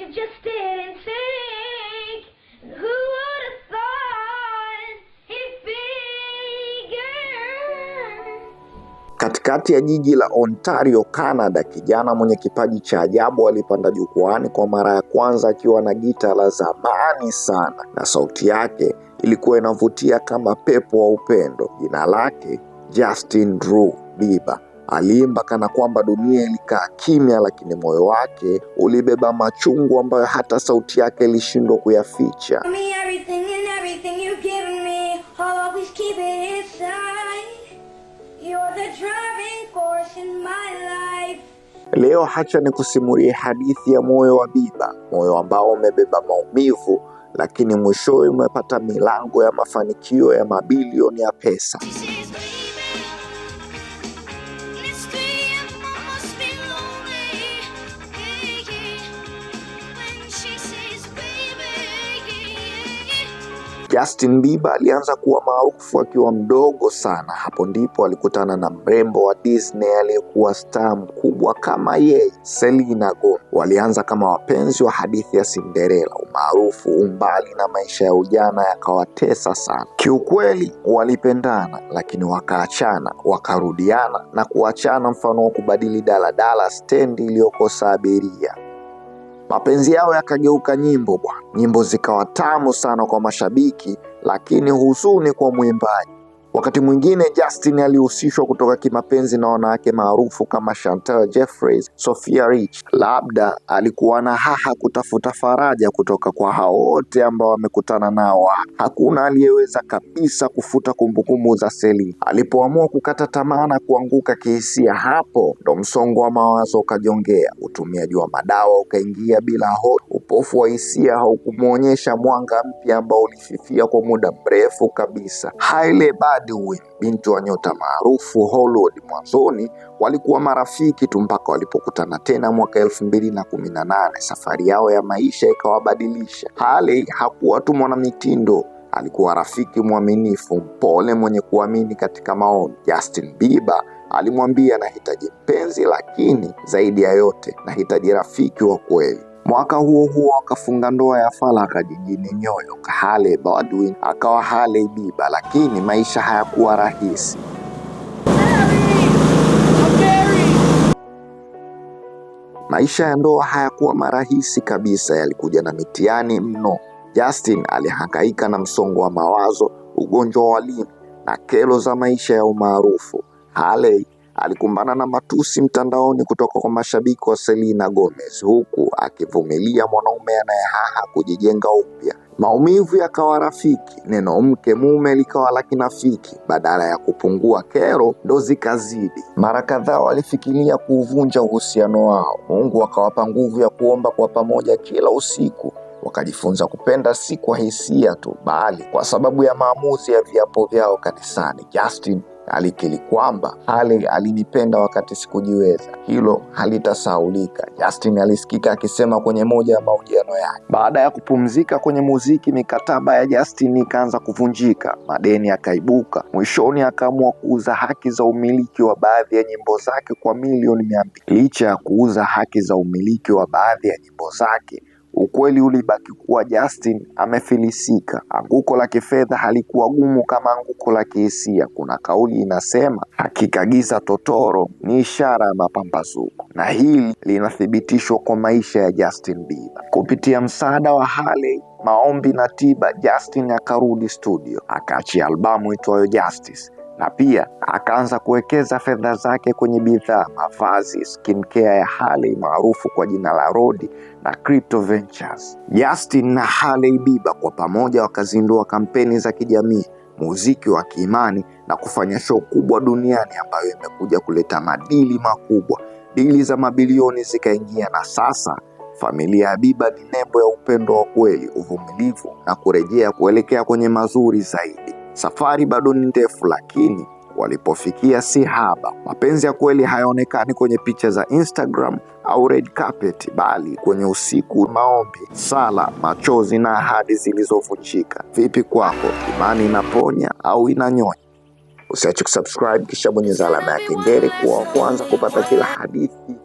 you just didn't think. Who would have thought he'd be Katikati ya jiji la Ontario, Canada, kijana mwenye kipaji cha ajabu alipanda jukwaani kwa mara ya kwanza akiwa na gita la zamani sana, na sauti yake ilikuwa inavutia kama pepo wa upendo. Jina lake Justin Drew Bieber. Aliimba kana kwamba dunia ilikaa kimya, lakini moyo wake ulibeba machungu ambayo hata sauti yake ilishindwa kuyaficha. Leo hacha ni kusimulie hadithi ya moyo wa Biba, moyo ambao umebeba maumivu lakini mwishowe umepata milango ya mafanikio ya mabilioni ya pesa. Justin Bieber alianza kuwa maarufu akiwa mdogo sana. Hapo ndipo alikutana na mrembo wa Disney aliyekuwa star mkubwa kama yeye, Selena Gomez. Walianza kama wapenzi wa hadithi ya Cinderella. Umaarufu, umbali na maisha ya ujana yakawatesa sana. Kiukweli walipendana, lakini wakaachana, wakarudiana na kuachana, mfano wa kubadili daladala stendi iliyokosa abiria. Mapenzi yao yakageuka nyimbo bwana, nyimbo zikawa tamu sana kwa mashabiki, lakini huzuni kwa mwimbaji. Wakati mwingine Justin alihusishwa kutoka kimapenzi na wanawake maarufu kama Chantal Jeffries, Sophia Rich. Labda alikuwa na haha kutafuta faraja kutoka kwa hao wote ambao amekutana nao. Hakuna aliyeweza kabisa kufuta kumbukumbu za Celine. Alipoamua kukata tamaa na kuanguka kihisia, hapo ndo msongo wa mawazo ukajongea, utumiaji wa madawa ukaingia bila hofu. Upofu wa hisia haukumwonyesha mwanga mpya ambao ulififia kwa muda mrefu kabisa. Haile bad Godwin, binti wa nyota maarufu Hollywood, mwanzoni walikuwa marafiki tu mpaka walipokutana tena mwaka elfu mbili na kumi na nane. Safari yao ya maisha ikawabadilisha. hali hakuwa tu mwanamitindo alikuwa rafiki mwaminifu, mpole, mwenye kuamini katika maoni. Justin Bieber alimwambia, nahitaji mpenzi, lakini zaidi ya yote nahitaji rafiki wa kweli. Mwaka huo huo akafunga ndoa ya faragha jijini Nyoyo. Kahale Baldwin akawa Hale Biba, lakini maisha hayakuwa rahisi. Maisha ya ndoa hayakuwa marahisi kabisa, yalikuja na mitihani mno. Justin alihangaika na msongo wa mawazo, ugonjwa wa limu na kelo za maisha ya umaarufu. Haley alikumbana na matusi mtandaoni kutoka kwa mashabiki wa Selena Gomez huku akivumilia mwanaume anayehaha kujijenga upya. Maumivu yakawa rafiki, neno mke mume likawa la kinafiki, badala ya kupungua kero ndo zikazidi. Mara kadhaa walifikiria kuuvunja uhusiano wao. Mungu akawapa nguvu ya kuomba kwa pamoja kila usiku wakajifunza kupenda si kwa hisia tu, bali kwa sababu ya maamuzi ya viapo vyao kanisani. Justin alikili kwamba hali alinipenda wakati sikujiweza, hilo halitasaulika. Justin alisikika akisema kwenye moja ya mahojiano yake. Baada ya kupumzika kwenye muziki, mikataba ya Justin ikaanza kuvunjika, madeni akaibuka Mwishoni akaamua kuuza haki za umiliki wa baadhi ya nyimbo zake kwa milioni mia mbili. Licha ya kuuza haki za umiliki wa baadhi ya nyimbo zake Ukweli ulibaki kuwa Justin amefilisika. Anguko la kifedha halikuwa gumu kama anguko la kihisia. Kuna kauli inasema, akikagiza totoro ni ishara ya mapambazuko, na hili linathibitishwa kwa maisha ya Justin Bieber. Kupitia msaada wa Haley, maombi na tiba, Justin akarudi studio, akaachia albamu itwayo Justice na pia akaanza kuwekeza fedha zake kwenye bidhaa, mavazi, skincare ya Hailey maarufu kwa jina la Rodi na Crypto Ventures. Justin na Hailey Bieber kwa pamoja wakazindua kampeni za kijamii, muziki wa kiimani na kufanya show kubwa duniani ambayo imekuja kuleta madili makubwa. Dili za mabilioni zikaingia, na sasa familia ya Bieber ni nembo ya upendo wa kweli, uvumilivu na kurejea kuelekea kwenye mazuri zaidi. Safari bado ni ndefu, lakini walipofikia si haba. Mapenzi ya kweli hayaonekani kwenye picha za Instagram au red carpet, bali kwenye usiku, maombi, sala, machozi na ahadi zilizovunjika. Vipi kwako, imani inaponya au inanyonya? Usiache kusubscribe kisha bonyeza alama ya kengele kuwa wa kwanza kupata kila hadithi